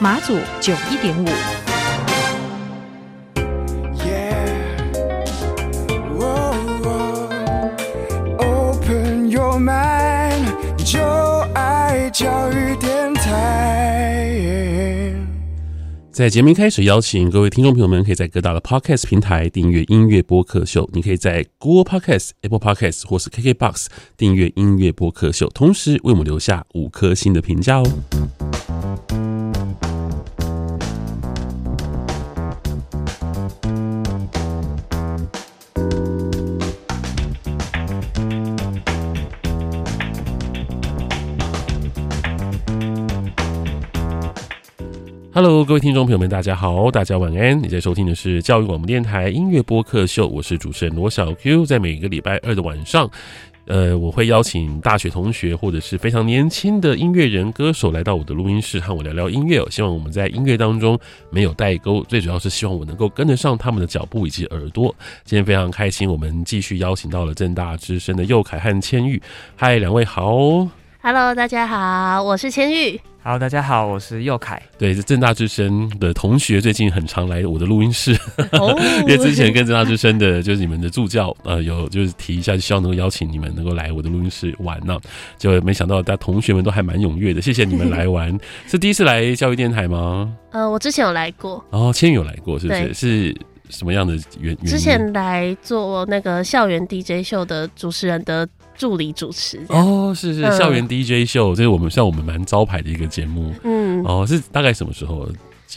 馬祖九一點五。耶，喔喔，Open your mind，就愛教育電台。在節目開始，邀請各位聽眾朋友們可以在各大的 Podcast 平台訂閱音樂播客秀。你可以在 Google Podcast、Apple Podcast 或是 KKBox 訂閱音樂播客秀，同時為我們留下五顆星的評價哦。Hello，各位聽眾朋友們，大家好，大家晚安。你在收聽的是教育廣播電臺音樂播客秀，我是主持人羅小 Q。在每個禮拜二的晚上，呃，我會邀請大學同學或者是非常年輕的音樂人、歌手來到我的錄音室和我聊聊音樂。希望我們在音樂當中沒有代溝，最主要是希望我能夠跟得上他們的腳步以及耳朵。今天非常開心，我們繼續邀請到了政大之聲的宥凱和千喻。嗨，兩位好。Hello，大家好，我是千喻。好，Hello, 大家好，我是宥凱。對，是政大之聲的同學，最近很常來我的錄音室，oh. 因為之前跟政大之聲的，就是你們的助教，呃，有就是提一下，就希望能夠邀請你們能夠來我的錄音室玩呢、啊。就沒想到，大家同學們都還蠻踴躍的，謝謝你們來玩。 是第一次來教育電台嗎？呃，我之前有來過，然後、哦、千喻有來過，是不是？對是。什麼樣的原因？之前來做那個校園 DJ 秀的主持人的助理主持哦，是是校園 DJ 秀，嗯、這是我們像我們蠻招牌的一個節目，嗯，哦，是大概什麼時候？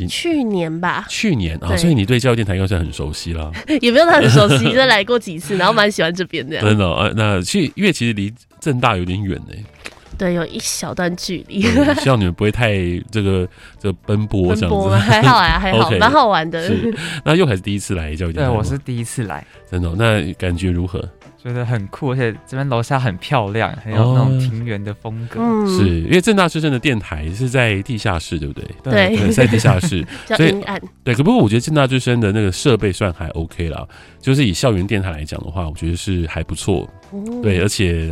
去年吧，去年啊對、哦，所以你對教育電台應該是很熟悉啦，對 也沒有很熟悉， 就來過幾次，然後蠻喜歡這邊的，真的啊，那去因為其實離政大有點遠呢、欸。對，有一小段距離，希望你們不會太這個這個、奔波這樣子奔波。還好啊，還好，蠻、okay、了好玩的是。那又還是第一次來，叫對，我是第一次來，真的、哦，那感覺如何？覺得很酷，而且這邊樓下很漂亮，哦、很有那種庭園的風格。嗯、是因為政大之聲的電台是在地下室，對不對？對，在地下室，對所以對。可不過我覺得政大之聲的那個設備算還 OK 了。就是以校園電台來講的話，我覺得是還不錯。嗯、對，而且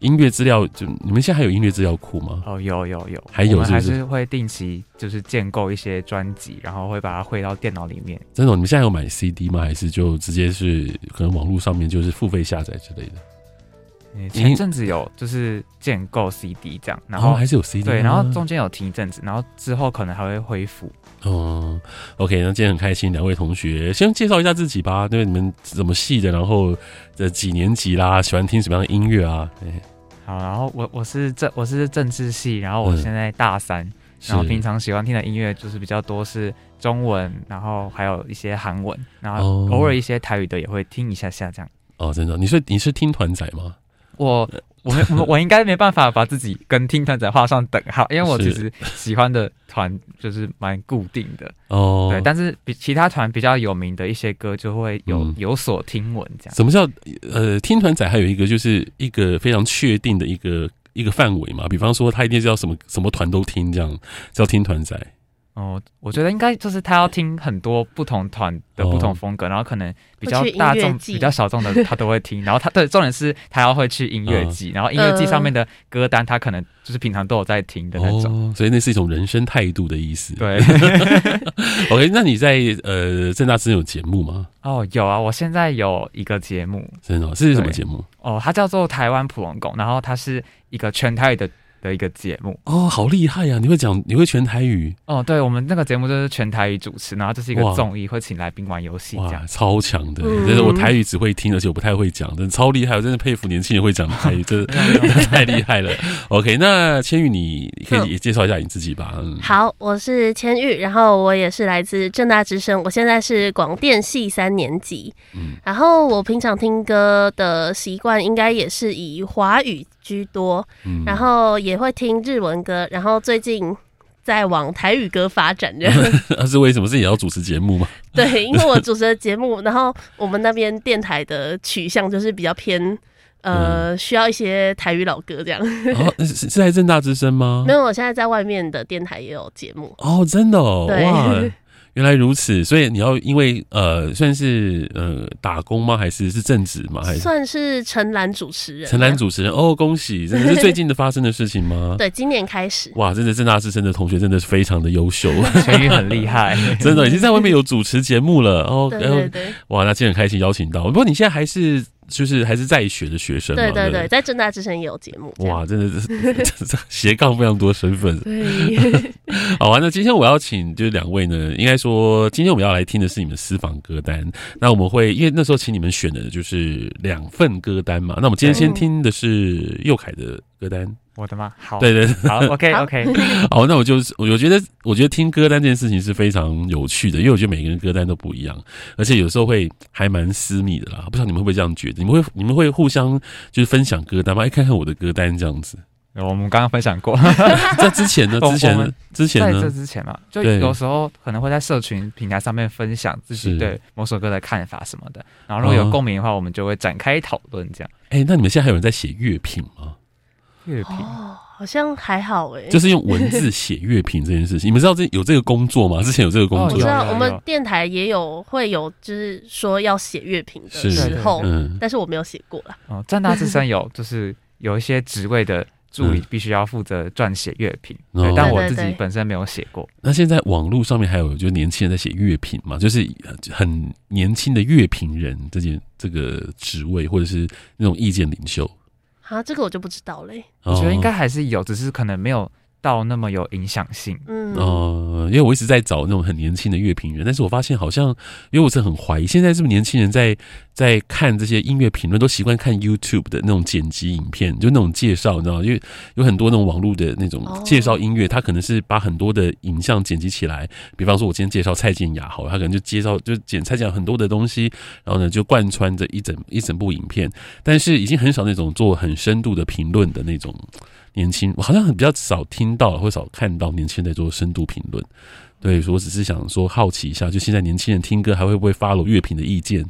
音樂資料，就你們現在還有音樂資料庫嗎？哦，有有有，有還有，還是會定期就是建構一些專輯，然後會把它匯到電腦裡面。真的、哦，你們現在有買 CD 嗎？還是就直接是可能網絡上面就是付費下載之類的？前陣子有就是建構 CD 這樣，然後、哦、還是有 CD 對，然後中間有停一陣子，然後之後可能還會恢復。嗯，OK，那今天很開心，兩位同學先介紹一下自己吧。對你們什麼系的，然後這幾年級啦，喜歡聽什麼樣的音樂啊？欸、好，然後我我是政我是政治系，然後我現在大三，嗯、然後平常喜歡聽的音樂就是比較多是中文，然後還有一些韓文，然後偶爾一些台語的也會聽一下下這樣。嗯、哦，真的，你是你是聽團仔嗎？我我我我應該沒辦法把自己跟聽團仔畫上等號，因為我其實喜歡的團就是蠻固定的哦，是對，但是比其他團比較有名的一些歌就會有、嗯、有所聽聞這樣。什麼叫呃聽團仔？還有一個就是一個非常確定的一個一個範圍嘛，比方說他一定是要什麼什麼團都聽這樣，叫聽團仔。哦，我覺得應該就是他要聽很多不同團的不同風格，哦、然後可能比較大眾、比較小眾的他都會聽。然後他對重點是，他要會去音樂祭，嗯、然後音樂祭上面的歌單他可能就是平常都有在聽的那種。哦、所以那是一種人生態度的意思。對。 ，OK，那你在呃政大之聲有節目嗎？哦，有啊，我現在有一個節目。真的、哦，這是什麼節目？哦，他叫做台灣普龍公，然後他是一個全台的的一個節目哦，好厲害呀！啊！你會講，你會全台語哦？對，我們那個節目就是全台語主持，然後這是一個綜藝，哇會請來賓玩遊戲，哇，超強的！就、欸嗯、是我台語只會聽，而且我不太會講，真的超厲害，我真的佩服年輕人會講台語 真，真的，真的太厲害了。 OK，那千喻，你可以介紹一下你自己吧？嗯嗯、好，我是千喻，然後我也是來自政大之聲，我現在是廣電系三年級，嗯，然後我平常聽歌的習慣應該也是以華語。居多，然後也會聽日文歌，然後最近在往台語歌發展這樣。那 是為什麼是也要主持節目嗎？對，因為我主持的節目，然後我們那邊電台的取向就是比較偏，呃，嗯、需要一些台語老歌這樣。哦、是是在政大之聲嗎？沒有，我現在在外面的電台也有節目。哦，真的哦，對。哇原來如此，所以你要因為呃算是呃打工嗎？還是是正職嗎？還是算是陳南主、啊、主持人？陳南主持人哦，恭喜！這是最近的發生的事情嗎？ 對，今年開始。哇，真的政大之聲的同學真的是非常的優秀，聲音很厲害， 真的已經在外面有主持節目了 哦。對對對，哇，那今天很開心邀請到。不過你現在還是。就是還是在學的學生嘛，對對對，那在政大之聲也有節目，哇，這樣真的是 斜槓非常多身份。對 好、啊，那今天我要請就是兩位呢，應該說今天我們要來聽的是你們私房歌單。那我們會因為那時候請你們選的就是兩份歌單嘛，那我們今天先聽的是宥凱的歌單。嗯我的嗎？好，對對，對好，好 ，OK OK。好，那我就我我覺得，我覺得聽歌單這件事情是非常有趣的，因為我覺得每個人歌單都不一樣，而且有時候會還蠻私密的啦。不知道你們會不會這樣覺得？你們會你們會互相就是分享歌單嗎？哎，看看我的歌單這樣子。有我們剛剛分享過， 在之前呢，之前呢之前，之前呢在這之前嘛，就有時候可能會在社群平台上面分享自己對某首歌的看法什麼的，是然後如果有共鳴的話，嗯、我們就會展開討論這樣。哎、欸，那你們現在還有人在寫樂評嗎？樂評、oh, 好像還好哎、欸，就是用文字寫樂評這件事情， 你們知道這有這個工作嗎？之前有這個工作，oh, 有我知道我們電台也有會有，就是說要寫樂評的時候，但是我沒有寫過啦。嗯、哦，政大之聲有就是有一些職位的助理必須要負責撰寫樂評，但我自己本身沒有寫過。對對對，那現在網絡上面還有就是年輕人在寫樂評嘛，就是很年輕的樂評人這件這個職位或者是那種意見領袖。啊，這個我就不知道嘞，我覺得應該還是有，只是可能沒有到那麼有影響性，嗯，uh, 因為我一直在找那種很年輕的樂評人，但是我發現好像，因為我是很懷疑，現在是不是年輕人在在看這些音樂評論都習慣看 YouTube 的那種剪輯影片，就那種介紹，你知道嗎？因為有很多那種網絡的那種介紹音樂，他、oh. 可能是把很多的影像剪輯起來，比方說我今天介紹蔡健雅好了，好，他可能就介紹就剪蔡健雅很多的東西，然後呢就貫穿着一整一整部影片，但是已經很少那種做很深度的評論的那種。年輕，我好像很比較少聽到或少看到年輕人在做深度評論，對，所以我只是想說好奇一下，就現在年輕人聽歌還會不會 follow 樂評的意見？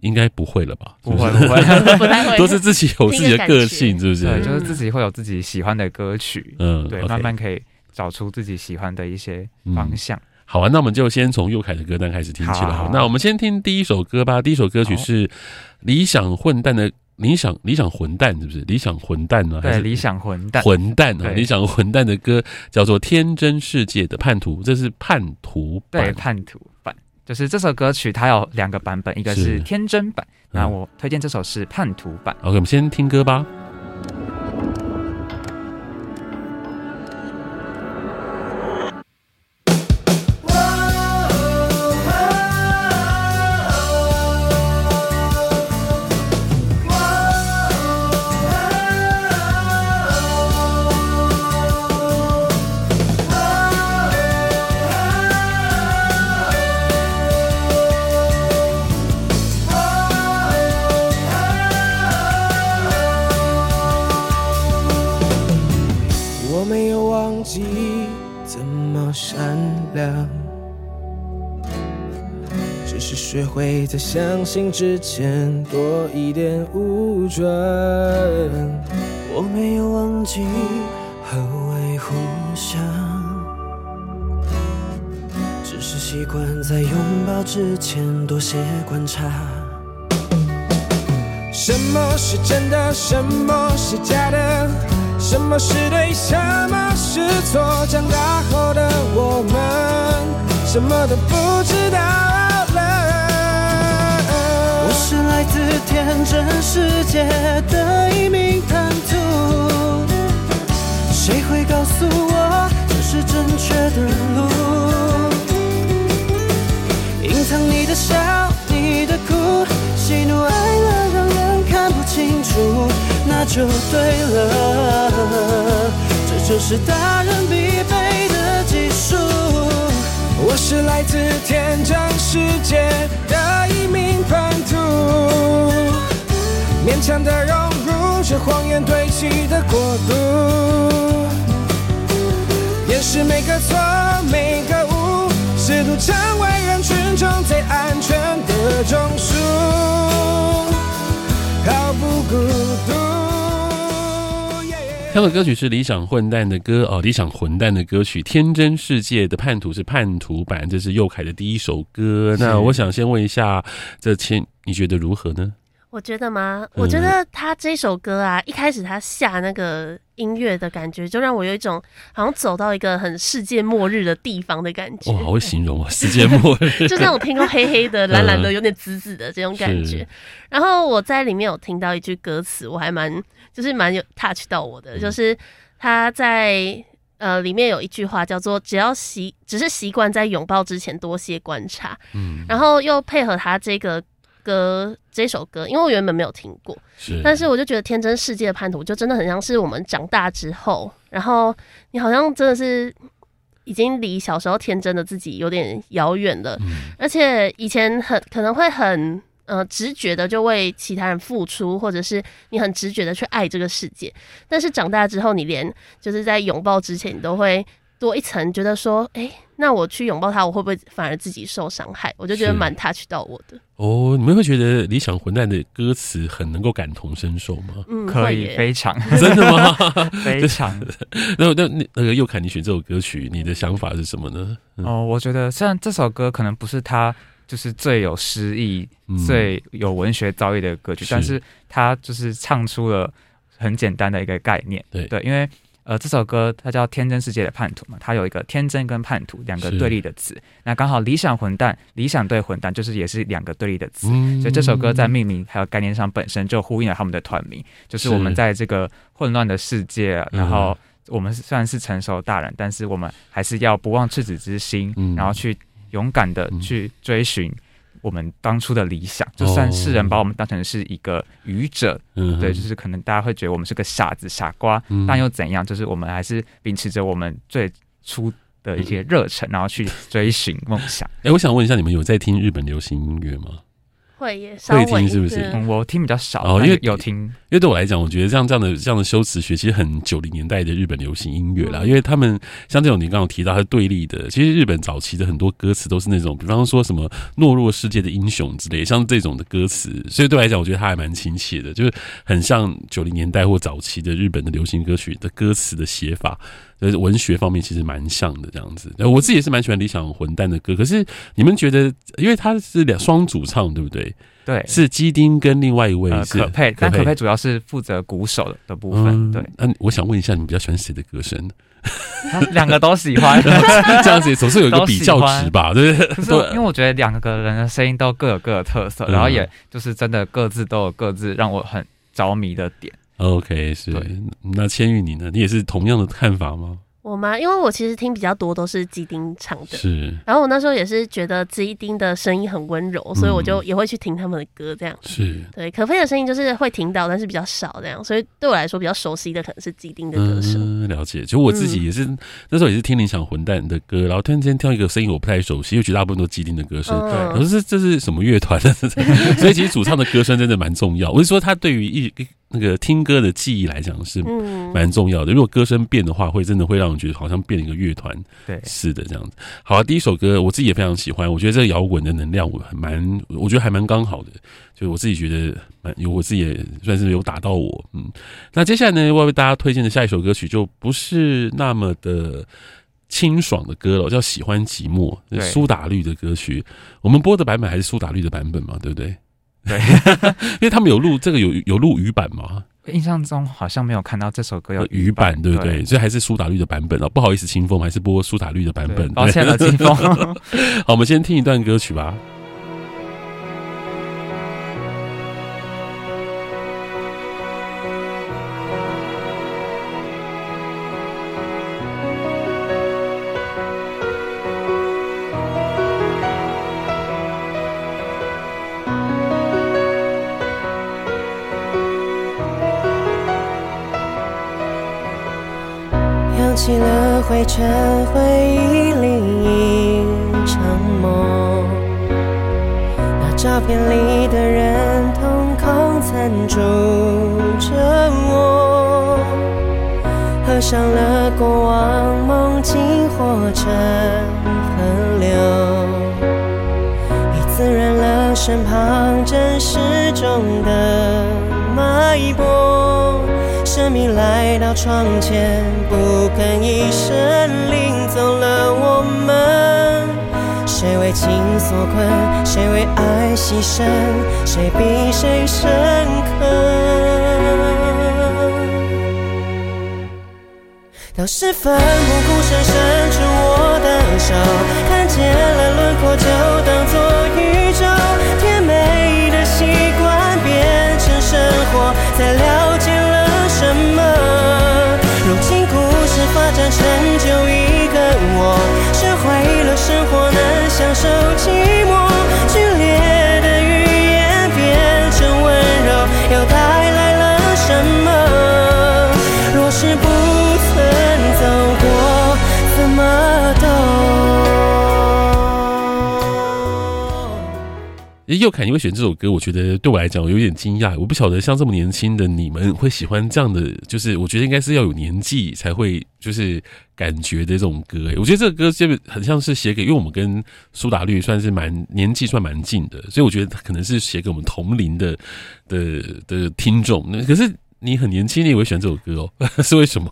應該不會了吧？是不會不會，不，會 不太會，都是自己有自己的個性，是不是？對，就是自己會有自己喜歡的歌曲，嗯，對，okay. 慢慢可以找出自己喜歡的一些方向。嗯、好啊，那我們就先從宥凱的歌單開始聽起了。好，好，那我們先聽第一首歌吧。第一首歌曲是《理想混蛋》的。理想理想混蛋是不是？理想混蛋呢、啊？還是？對，理想混蛋。混蛋呢、啊？對理想混蛋的歌叫做《天真世界的叛徒》，這是叛徒版。對，叛徒版就是這首歌曲，它有兩個版本，一個是天真版，是那我推薦這首是叛徒版。嗯、OK，我們先聽歌吧。會在相信之前多一點武裝。我沒有忘記，何為互相，只是習慣在擁抱之前多些觀察。什麼是真的，什麼是假的，什麼是對，什麼是錯？長大後的我們，什麼都不知道。我是來自天真世界的一名叛徒。誰會告訴我這是正確的路？隱藏你的笑，你的哭，喜怒哀樂讓人看不清楚，那就對了。這就是大人必備的技術。我是來自天真世界的。勉強地融入這謊言堆砌的國度，掩飾每個錯，每個誤，試圖成為。他的歌曲是理想混蛋的歌哦，理想混蛋的歌曲《天真世界的叛徒》是叛徒版，這是宥凱的第一首歌。是那我想先問一下，這千你覺得如何呢？我覺得嗎？嗯、我覺得他這首歌啊，一開始他下那個音樂的感覺，就讓我有一種好像走到一個很世界末日的地方的感覺。哇，好會形容啊， 世界末日，就那種天空黑黑的、 藍藍的，有點紫紫的這種感覺。嗯、然後我在裡面有聽到一句歌詞，我還蠻。就是蠻有 touch 到我的，嗯、就是他在呃裡面有一句話叫做“只要習只是習慣在擁抱之前多些觀察”，嗯，然後又配合他這個歌這首歌，因為我原本沒有聽過，是，但是我就覺得《天真世界的叛徒》就真的很像是我們長大之後，然後你好像真的是已經離小時候天真的自己有點遙遠了，嗯、而且以前很可能會很。呃，直覺的就為其他人付出，或者是你很直覺的去愛這個世界。但是長大之後，你連就是在擁抱之前，你都會多一層覺得說：哎、欸，那我去擁抱他，我會不會反而自己受傷害？我就覺得蠻 touch 到我的。哦，你們會覺得《理想混蛋》的歌詞很能夠感同身受嗎？嗯，可以，可以。非常真的嗎？ 非常。 那那那那個宥凱你選這首歌曲，你的想法是什麼呢？嗯、哦，我覺得雖然這首歌可能不是他。就是最有詩意、嗯、最有文學造詣的歌曲，是但是他就是唱出了很簡單的一個概念。對，對，因為呃，這首歌它叫《天真世界的叛徒》嘛，它有一個天真跟叛徒兩個對立的詞。是那剛好理想混蛋、理想對混蛋，就是也是兩個對立的詞。嗯、所以這首歌在命名還有概念上本身就呼應了他們的團名，就是我們在這個混亂的世界、啊，是然後我們雖然是成熟大人，嗯、但是我們還是要不忘赤子之心，嗯、然後去。勇敢的去追尋我們當初的理想，嗯、就算世人把我們當成是一個愚者，嗯哼，對，就是可能大家會覺得我們是個傻子、傻瓜，嗯、但又怎樣？就是我們還是秉持着我們最初的一些熱忱，然後去追尋夢想。哎、嗯 欸，我想問一下，你們有在聽日本流行音樂嗎？會也會聽是不是？嗯，我聽比較少哦，因為有聽。因為對我來講，我覺得像這樣的這樣的修辭學，其實很九零年代的日本流行音樂啦。因為他們像這種你剛剛提到，他是對立的。其實日本早期的很多歌詞都是那種，比方說什麼“懦弱世界的英雄”之類，像這種的歌詞。所以對我來講，我覺得它還蠻親切的，就是很像九零年代或早期的日本的流行歌曲的歌詞的寫法。就是文學方面其實蠻像的，這樣子。我自己也是蠻喜歡《理想混蛋》的歌，可是你們覺得，因為他是兩雙主唱，對不對？對，是雞丁跟另外一位是、呃、可配,可配但可配主要是負責鼓手的部分。嗯、對，那、啊、我想問一下，你比較喜歡誰的歌聲？兩個都喜歡， 這樣子總是有一個比較值吧？對不對？因為我覺得兩個人的聲音都各有各的特色，嗯、然後也就是真的各自都有各自讓我很着迷的點。OK，是對那千喻你呢？你也是同樣的看法嗎？我嗎？因為我其實聽比較多都是雞丁唱的，是。然後我那時候也是覺得雞丁的聲音很溫柔，嗯、所以我就也會去聽他們的歌，這樣。是對可菲的聲音就是會聽到，但是比較少這樣。所以對我來說比較熟悉的可能是雞丁的歌聲、嗯嗯。了解，其實我自己也是、嗯、那時候也是聽理想混蛋的歌，然後突然間聽一個聲音我不太熟悉，又絕大部分都雞丁的歌聲。嗯、我說這是這是什麼樂團 所以其實主唱的歌聲真的蠻重要。我是說他對於一。那個聽歌的記憶來講是蠻重要的。如果歌聲變的話，會真的會讓我覺得好像變了一個樂團。對，是的，這樣子。好啊，第一首歌我自己也非常喜歡，我覺得這個搖滾的能量我還蠻，我覺得還蠻剛好的，就是我自己覺得蠻有，我自己也算是有打到我。嗯，那接下來呢，我要為大家推薦的下一首歌曲就不是那麼的清爽的歌了，我叫《喜歡寂寞》，就是蘇打綠的歌曲。我們播的版本還是蘇打綠的版本嘛？對不對？對， 因為他們有錄這個有有錄語版嘛？印象中好像沒有看到這首歌有語版，呃，對不對，對？對。所以還是蘇打綠的版本哦。不好意思，清風還是播蘇打綠的版本。對對抱歉了，清風。 好，我們先聽一段歌曲吧。起了灰塵，回憶裡一場夢。那照片裡的人，瞳孔曾住著我。合上了過往夢境，化成河流。已滋潤了身旁真實中的脈搏。生命來到窗前，不吭一聲，領走了我們。誰為情所困？誰為愛犧牲？誰比誰深刻？當時奮不顧身伸出我。宥凱，你會選這首歌？我覺得對我來講，我有點驚訝。我不曉得像這麼年輕的你們會喜歡這樣的，就是我覺得應該是要有年紀才會就是感覺的這種歌、欸。我覺得這個歌基本很像是寫給，因為我們跟蘇打綠算是蠻年紀算蠻近的，所以我覺得可能是寫給我們同齡的的的聽眾。可是你很年輕，你也會選這首歌哦？ 是為什麼？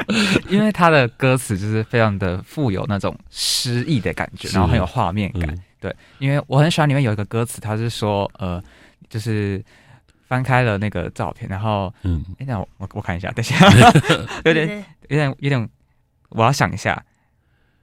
因為他的歌詞就是非常的富有那種詩意的感覺，然後很有畫面感。對，因為我很喜歡裡面有一個歌詞，他是說，呃，就是翻開了那個照片，然後，嗯，哎，那我我我看一下，等一下 有點有點有點，我要想一下，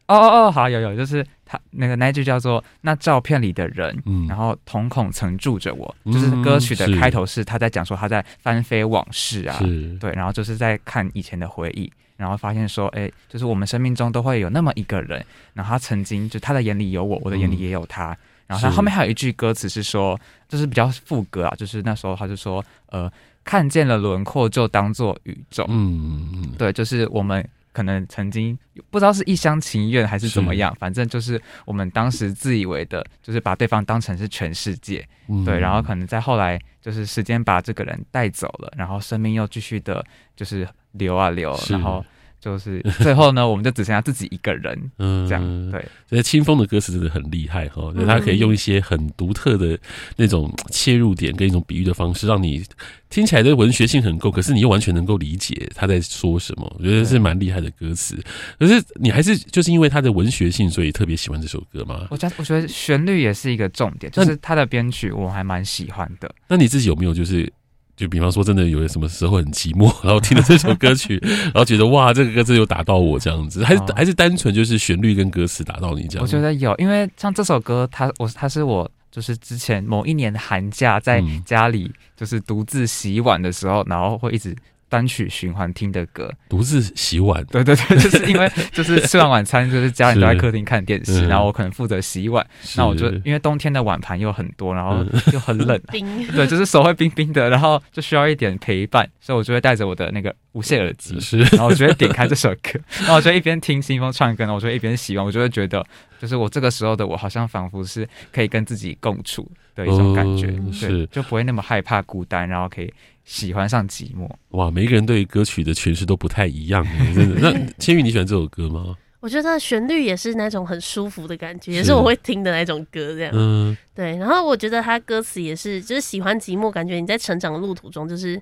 哦哦哦，好，有有，就是他那個那一句叫做那照片裡的人，嗯、然後瞳孔曾住着我，嗯、就是歌曲的開頭是他在講說他在翻飛往事啊，是對，然後就是在看以前的回憶。然後發現說，哎，就是我們生命中都會有那麼一個人，然後他曾經就他的眼裡有我，我的眼裡也有他。嗯、然後他後面還有一句歌詞是說，就是比較副歌啊，就是那時候他就說，呃，看見了輪廓就當做宇宙。嗯嗯嗯，嗯對，就是我們。可能曾經不知道是一廂情願還是怎麼樣，是反正就是我們當時自以為的，就是把對方當成是全世界，嗯、對。然後可能在後來，就是時間把這個人帶走了，然後生命又繼續的，就是流啊流，是然後。就是最後呢，我們就只剩下自己一個人， 嗯，這樣對。所以，青峰的歌詞真的很厲害哈，他對、哦、可以用一些很獨特的那種切入點跟一種比喻的方式，讓你聽起來的文學性很夠，可是你又完全能夠理解他在說什麼。我覺得是蠻厲害的歌詞。對可是你還是就是因為他的文學性，所以特別喜歡這首歌嗎？我覺得，我覺得旋律也是一個重點，那就是他的編曲我還蠻喜歡的。那你自己有沒有就是？就比方說，真的有什麼時候很寂寞，然後聽到這首歌曲， 然後覺得哇，這個歌詞有打到我這樣子，還是還是單純就是旋律跟歌詞打到你這樣子？我覺得有，因為像這首歌，它我它是我就是之前某一年寒假在家裡就是獨自洗碗的時候，嗯、然後會一直。單曲循環聽的歌，獨自洗碗，對對對，就是因為就是吃完晚餐，就是家裡都在客廳看電視，嗯、然後我可能負責洗碗，那是我就因為冬天的碗盤又很多，然後又很冷，冰、嗯，對，就是手會冰冰的，然後就需要一點陪伴，所以我就會帶着我的那個無線耳機，是然後我就會點開這首歌，然後我就一邊聽新風唱歌，然後我就一邊洗碗，我就會覺得，就是我這個時候的我，好像仿佛是可以跟自己共處。對，一種感覺，嗯、對是就不會那麼害怕孤單，然後可以喜歡上寂寞。哇！每個人對歌曲的詮釋都不太一樣，真的。 那千喻，你喜歡這首歌嗎？我覺得旋律也是那種很舒服的感覺，是的也是我會聽的那種歌。這樣，嗯，對。然後我覺得他歌詞也是，就是喜歡寂寞，感覺你在成長的路途中，就是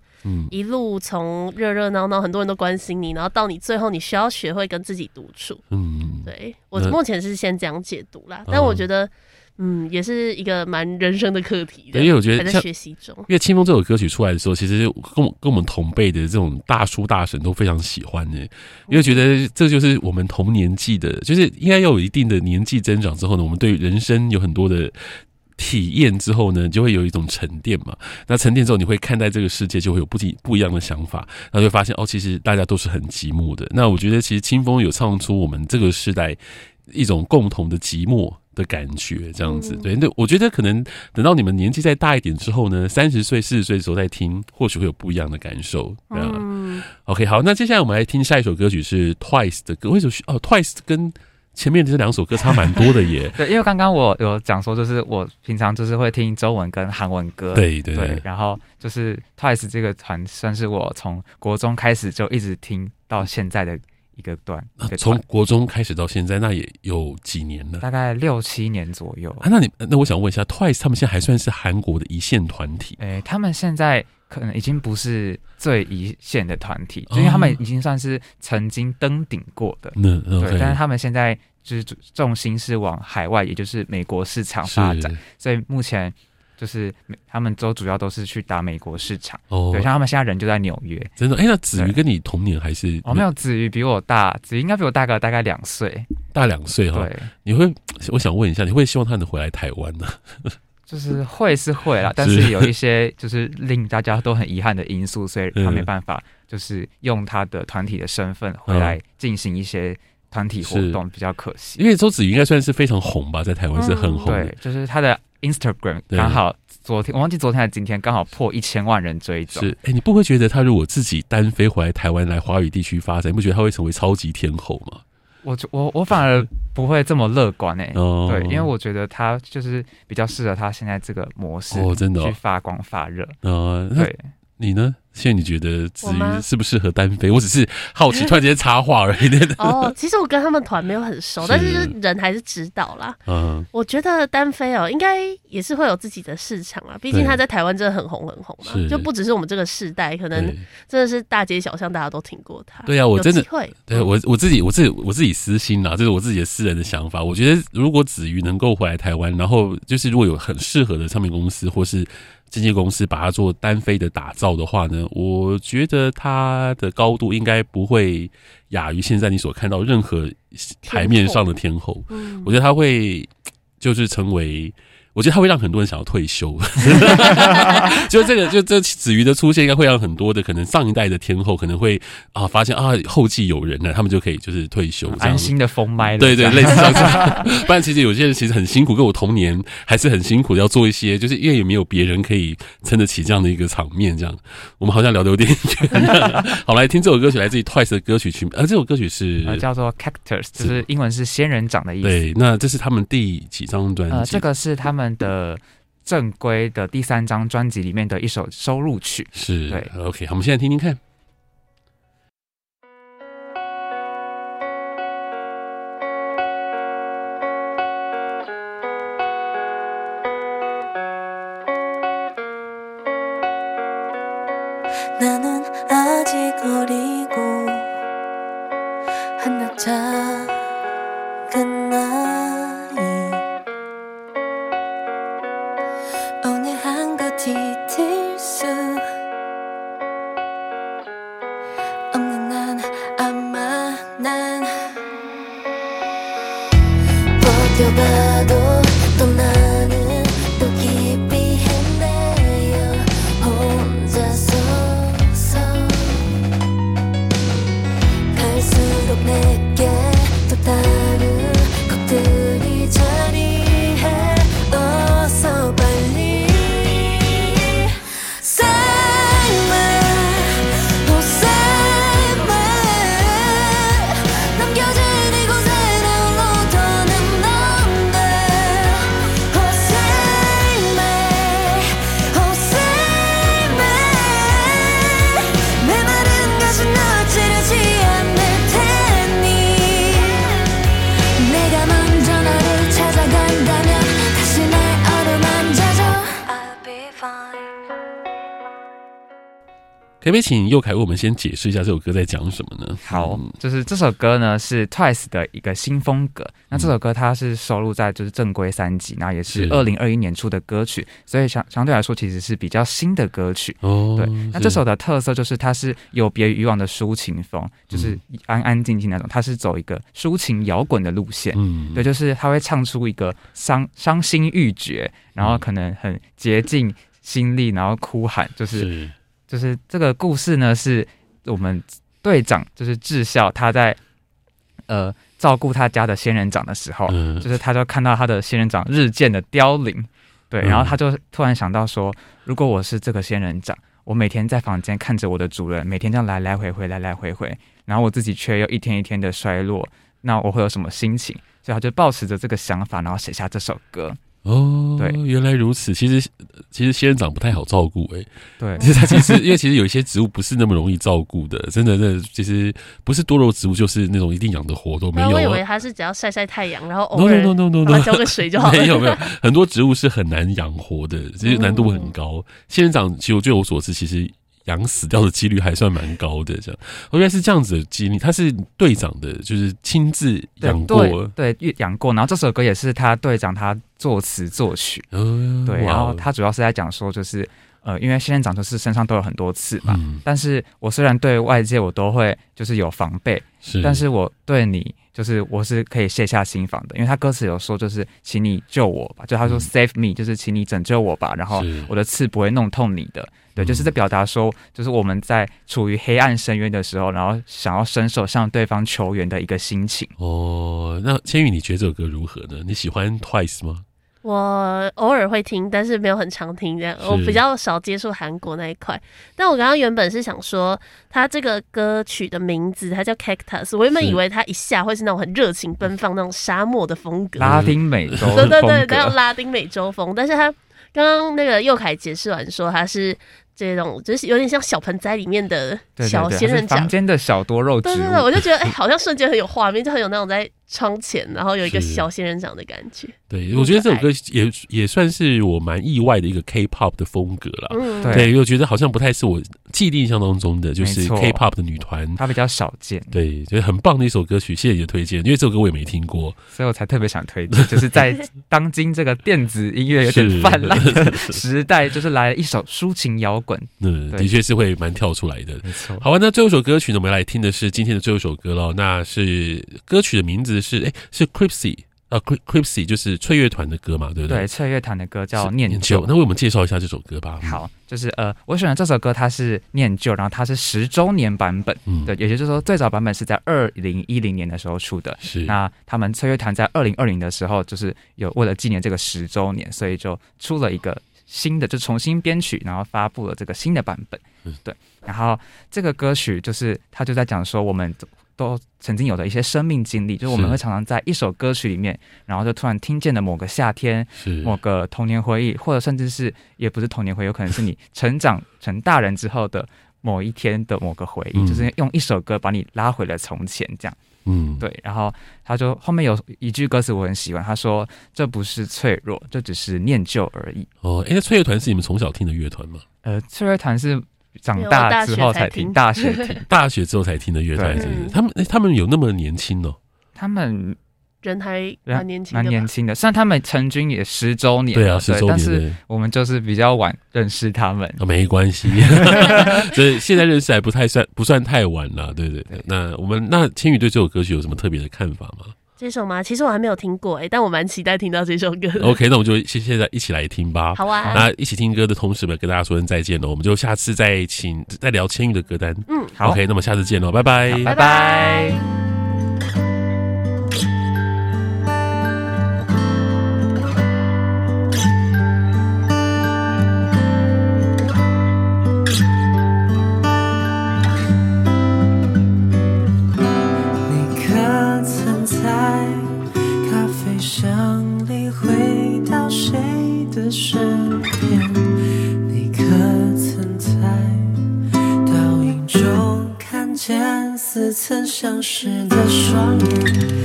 一路從熱熱鬧鬧，很多人都關心你，然後到你最後你需要學會跟自己獨處。嗯，對我目前是先講解讀啦，嗯、但我覺得。嗯，也是一個蠻人生的課題的。因為我覺得像還在學習中。因為《清風》這首歌曲出來的時候，其實跟跟我們同輩的這種大叔大嬸都非常喜歡的。欸，因為覺得這就是我們同年紀的，就是應該要有一定的年紀增長之後呢，我們對人生有很多的體驗之後呢，就會有一種沉澱嘛。那沉澱之後，你會看待這個世界，就會有不僅不一樣的想法，然後就會發現哦，其實大家都是很寂寞的。那我覺得，其實清風有唱出我們這個時代一種共同的寂寞。的感覺這樣子，對，那我覺得可能等到你們年紀再大一點之後呢，三十歲、四十歲的時候再聽，或許會有不一樣的感受。對，嗯，OK，好，那接下來我們來聽下一首歌曲是 Twice 的歌。為什麼？哦，Twice 跟前面的這兩首歌差蠻多的耶。 對，因為剛剛我有講說，就是我平常就是會聽中文跟韓文歌。對對對，對，然後就是 Twice 這個團算是我從國中開始就一直聽到現在的歌。一個段，從、啊、國中開始到現在，那也有幾年了，大概六七年左右。啊，那你那我想問一下、嗯、，Twice 他們現在還算是韓國的一線團體？哎、欸，他們現在可能已經不是最一線的團體，嗯、因為他們已經算是曾經登頂過的。嗯、對，嗯、但是他們現在就是重心是往海外，也就是美國市場發展，是所以目前。就是他們周主要都是去打美國市場，哦、對，像他們現在人就在紐約。真的？哎、欸，那子瑜跟你同年還是？哦，沒有，子瑜比我大，子瑜應該比我大個大概兩歲，大兩歲哈。對，你會我想問一下，你會希望他能回來台灣呢、啊？就是會是會啦，是但是有一些就是令大家都很遺憾的因素，所以他沒辦法就是用他的團體的身份回來進行一些團體活動，是比較可惜。因為周子瑜應該算是非常紅吧，在台灣是很紅、嗯，對，就是他的。Instagram 剛好昨天，對，我忘記昨天還是今天，剛好破一千萬人追蹤。是，哎、欸，你不會覺得他如果自己單飛回來台灣來華語地區發展，你不覺得他會成為超級天后嗎？我我我反而不會這麼樂觀，哎、欸，嗯、對，因為我覺得他就是比較適合他現在這個模式發發哦，真的去發光發熱，嗯，對。你呢？現在你覺得子瑜適嗎不適合單飛？我只是好奇，突然間插話而已。 哦，其實我跟他們團沒有很熟，是但是人還是知道啦。嗯，我覺得單飛哦、喔，應該也是會有自己的市場啊。畢竟他在台灣真的很紅，很紅嘛，對就不只是我們這個世代，可能真的是大街小巷大家都聽過他。對啊，我真的會。對，我我自己，我自己，我自己私心啦，這，就是我自己的私人的想法。我覺得如果子瑜能夠回來台灣，然後就是如果有很適合的唱片公司，或是經紀公司把它做單飛的打造的話呢，我覺得它的高度應該不會亞於現在你所看到任何台面上的天後。天嗯，我覺得它會就是成為。我覺得他會讓很多人想要退休， 就這個，就這子瑜的出現應該會讓很多的可能上一代的天后可能會啊發現啊後繼有人了，他們就可以就是退休，安心的封麥。對對，對，類似這樣。 但其實有些人其實很辛苦，跟我童年還是很辛苦，要做一些，就是因為也沒有別人可以撐得起這樣的一個場面，這樣。我們好像聊的有點遠， 好來，來聽這首歌曲，來自於 Twice 的歌曲曲，呃，這首歌曲是、呃、叫做 Cactus，就是英文是仙人掌的意思。對，那這是他們第幾張專輯？呃，這個是他們。的正規的第三張專輯裡面的一首收錄曲，是對。OK，好，我們現在聽聽看。特別請宥凱為我們先解釋一下這首歌在講什麼呢？嗯、好，就是這首歌呢是 Twice 的一個新風格。嗯、那這首歌它是收錄在就是正規三輯，嗯、那也是二零二一年出的歌曲，是所以相相對來說其實是比較新的歌曲。哦，對。是那這首的特色就是它是有別於以往的抒情風，嗯、就是安安靜靜那種，它是走一個抒情搖滾的路線。嗯，對，就是他會唱出一個傷傷心欲絕，然後可能很竭盡心力，然後哭喊，就是。是就是這個故事呢，是我們隊長，就是志效，他在呃照顧他家的仙人掌的時候，嗯、就是他就看到他的仙人掌日漸的凋零，對，然後他就突然想到說，如果我是這個仙人掌，我每天在房間看着我的主人，每天這樣來來回回，來來回回，然後我自己卻又一天一天的衰落，那我會有什麼心情？所以他就抱持着這個想法，然後寫下這首歌。哦，對，原來如此。其實，其實仙人掌不太好照顧、欸，哎，對。其實，他其實，其實 因為其實有一些植物不是那麼容易照顧的，真的，真的，那其實不是多肉植物，就是那種一定養得活都沒有。我以為它是只要曬曬太陽，然後偶哦 no，澆、no, no, no, no, no、個水就好了。沒有沒有，很多植物是很難養活的，其實難度很高。仙、嗯、人掌，其實據我所知，其實。養死掉的幾率還算蠻高的，這樣，我覺得是這樣子的幾率。他是隊長的，就是親自養過，對，養過。然後這首歌也是他隊長他作詞作曲，嗯嗯、對。然後他主要是在講說，就是呃，因為仙人掌就是身上都有很多刺嘛。嗯、但是我雖然對外界我都會就是有防備，是但是我對你。就是我是可以卸下心防的，因為他歌詞有說就是，請你救我吧，就他說 save me，嗯、就是請你拯救我吧。然後我的刺不會弄痛你的，是對，就是在表達說，就是我們在處於黑暗深淵的時候，然後想要伸手向對方求援的一個心情。哦，那千喻，你覺得這首歌如何呢？你喜歡 Twice 嗎？嗯我偶爾會聽，但是沒有很常聽這樣。我比較少接觸韓國那一塊。是但我剛剛原本是想說，他這個歌曲的名字他叫 Cactus，我原本以為他一下會是那種很熱情奔放、那種沙漠的風格。是拉丁美洲風，對對對，帶有 拉丁美洲風。 但是他剛剛那個宥凱解釋完說，他是這種就是有點像小盆栽裡面的小仙人掌間的小多肉植物對，對對，我就覺得哎、欸，好像瞬間很有畫面，就很有那種在。窗前，然後有一個小仙人掌的感覺。對，我覺得這首歌也也算是我蠻意外的一個 K-pop 的風格了。對，我覺得好像不太是我既定印象當中的，就是 K-pop 的女團，她比較少見。對，就是很棒的一首歌曲。謝謝你的推薦，因為這首歌我也沒聽過，所以我才特別想推薦。 就是在當今這個電子音樂有點泛濫的時代，就是來了一首抒情搖滾，嗯，的確是會蠻跳出來的。沒錯，好，那最後一首歌曲呢，我們來聽的是今天的最後一首歌嘍。那是歌曲的名字。是哎，是 Crispy 啊 Crispy 就是脆樂團的歌嘛，對不對？對，脆樂團的歌叫念《念舊》，那為我們介紹一下這首歌吧。嗯、好，就是呃，我選的這首歌它是《念舊》，然後它是十周年版本，嗯、對，也就是說最早版本是在二零一零年的時候出的。是那他們脆樂團在二零二零的時候，就是有為了紀念這個十周年，所以就出了一個新的，就重新編曲，然後發布了這個新的版本。嗯、對，然後這個歌曲就是他就在講說我們。都曾經有的一些生命經歷，就是我們會常常在一首歌曲裡面，是然後就突然聽見了某個夏天，是某個童年回憶，或者甚至是也不是童年回憶，有可能是你成長成大人之後的某一天的某個回憶，嗯、就是用一首歌把你拉回了從前，這樣。嗯，對。然後他說後面有一句歌詞我很喜歡，他說，這不是脆弱，這只是念舊而已。哦，因為脆樂團是你們從小聽的樂團嗎？呃，脆樂團是。長大之後才聽大學聽，大學，聽聽 大學之後才聽的樂隊真的。對他們、欸、他們有那麼年輕哦、喔，他們人還蠻年輕，蠻年輕的。像他們成軍也十週年，對啊，十週年。對我們就是比較晚認識他們，對哦、沒關係，所 以對 現在認識還不太算不算太晚了，對對、對。對那我們那千喻對這首歌曲有什麼特別的看法嗎？這首嗎？其實我還沒有聽過哎、欸，但我蠻期待聽到這首歌。OK，那我們就現現在一起來聽吧。好啊，那一起聽歌的同事們跟大家說聲再見了，我們就下次再請再聊千喻的歌單。嗯，OK，好那麼下次見嘍，拜拜，拜拜。Bye bye 曾相識的雙眼。